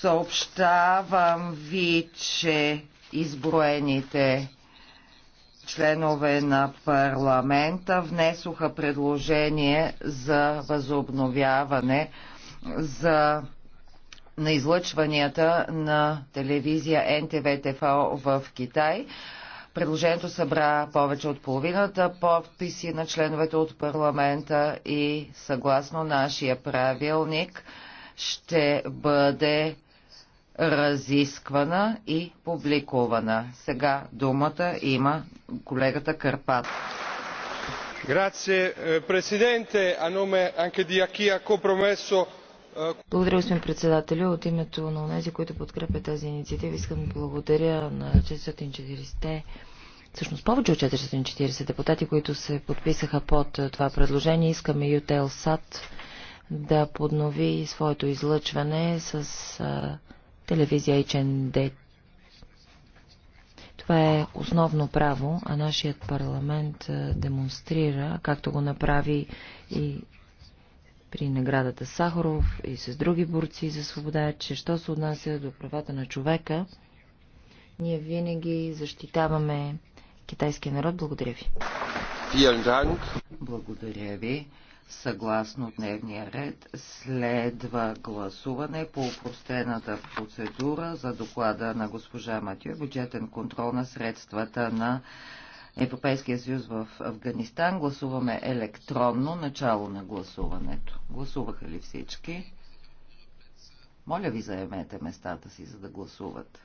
Съобщавам ви, че изброените членове на парламента внесоха предложение за възобновяване за на излъчванията на телевизия НТВ в Китай. Предложението събра повече от половината подписи на членовете от парламента и съгласно нашия правилник ще бъде разисквана и публикувана. Сега думата има колегата Карпат. Е, е, благодаря, господин председателю. От името на тези, които подкрепят тази инициатива, искам да благодаря на 440-те всъщност повече от 440 депутати, които се подписаха под е, това предложение. Искаме САД да поднови своето излъчване с телевизия ченде. Това е основно право, а нашият парламент демонстрира, както го направи и при наградата Сахаров и с други борци за свобода, че що се отнася до правата на човека, ние винаги защитаваме китайския народ. Благодаря ви. Благодаря ви съгласно дневния ред. Следва гласуване по упростената процедура за доклада на госпожа Матю, бюджетен контрол на средствата на Европейския съюз в Афганистан. Гласуваме електронно начало на гласуването. Гласуваха ли всички? Моля ви заемете местата си, за да гласувате.